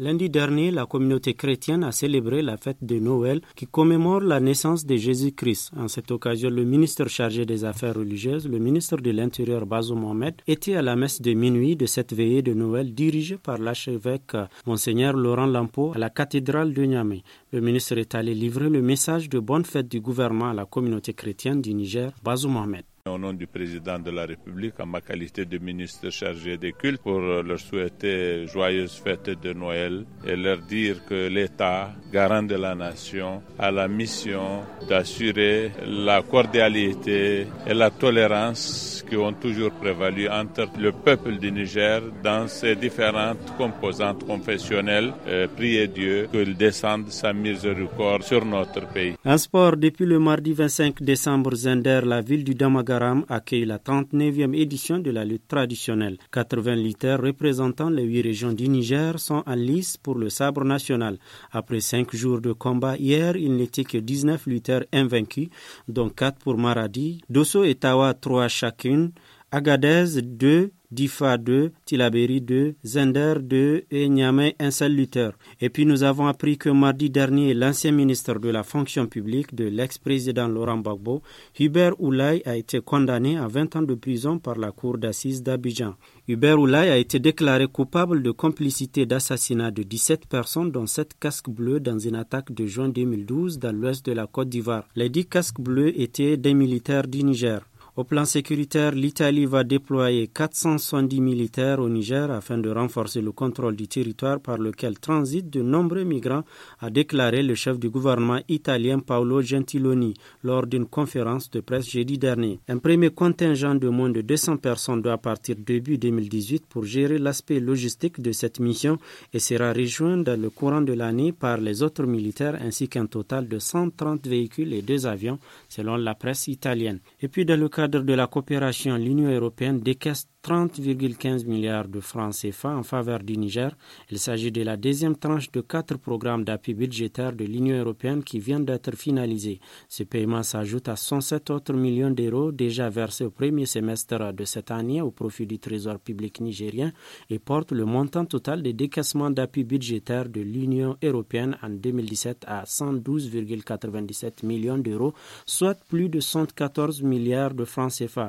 Lundi dernier, la communauté chrétienne a célébré la fête de Noël qui commémore la naissance de Jésus-Christ. En cette occasion, le ministre chargé des Affaires religieuses, le ministre de l'Intérieur Bazo Mohamed, était à la messe de minuit de cette veillée de Noël dirigée par l'archevêque Monseigneur Laurent Lampo à la cathédrale de Niamey. Le ministre est allé livrer le message de bonne fête du gouvernement à la communauté chrétienne du Niger, Bazo Mohamed. Au nom du président de la République, en ma qualité de ministre chargé des cultes, pour leur souhaiter joyeuse fête de Noël et leur dire que l'État, garant de la nation, a la mission d'assurer la cordialité et la tolérance qui ont toujours prévalu entre le peuple du Niger dans ses différentes composantes confessionnelles. Euh, priez Dieu qu'il descende sa miséricorde sur notre pays. En sport depuis le mardi 25 décembre, Zender, la ville du Damaga accueille la 39e édition de la lutte traditionnelle. 80 lutteurs représentant les huit régions du Niger sont en lice pour le sabre national. Après cinq jours de combat hier, il n'était que 19 lutteurs invaincus, dont 4 pour Maradi, Dosso et Tawa trois chacune, Agadez 2, Difa 2, Tilaberi 2, Zender 2 et Niamey 1 Et puis nous avons appris que mardi dernier, l'ancien ministre de la fonction publique de l'ex-président Laurent Gbagbo, Hubert Oulay, a été condamné à 20 ans de prison par la cour d'assises d'Abidjan. Hubert Oulay a été déclaré coupable de complicité d'assassinat de 17 personnes dont 7 casques bleus dans une attaque de juin 2012 dans l'ouest de la Côte d'Ivoire. Les 10 casques bleus étaient des militaires du Niger. Au plan sécuritaire, l'Italie va déployer 470 militaires au Niger afin de renforcer le contrôle du territoire par lequel transitent de nombreux migrants, a déclaré le chef du gouvernement italien Paolo Gentiloni lors d'une conférence de presse jeudi dernier. Un premier contingent de moins de 200 personnes doit partir début 2018 pour gérer l'aspect logistique de cette mission et sera rejoint dans le courant de l'année par les autres militaires ainsi qu'un total de 130 véhicules et deux avions selon la presse italienne. Et puis dans le cadre de la coopération, l'Union européenne décaisse 30,15 milliards de francs CFA en faveur du Niger. Il s'agit de la deuxième tranche de quatre programmes d'appui budgétaire de l'Union européenne qui viennent d'être finalisés. Ce paiement s'ajoute à 107 autres millions d'euros déjà versés au premier semestre de cette année au profit du Trésor public nigérien et porte le montant total des décaissements d'appui budgétaire de l'Union européenne en 2017 à 112,97 millions d'euros, soit plus de 114 milliards de francs François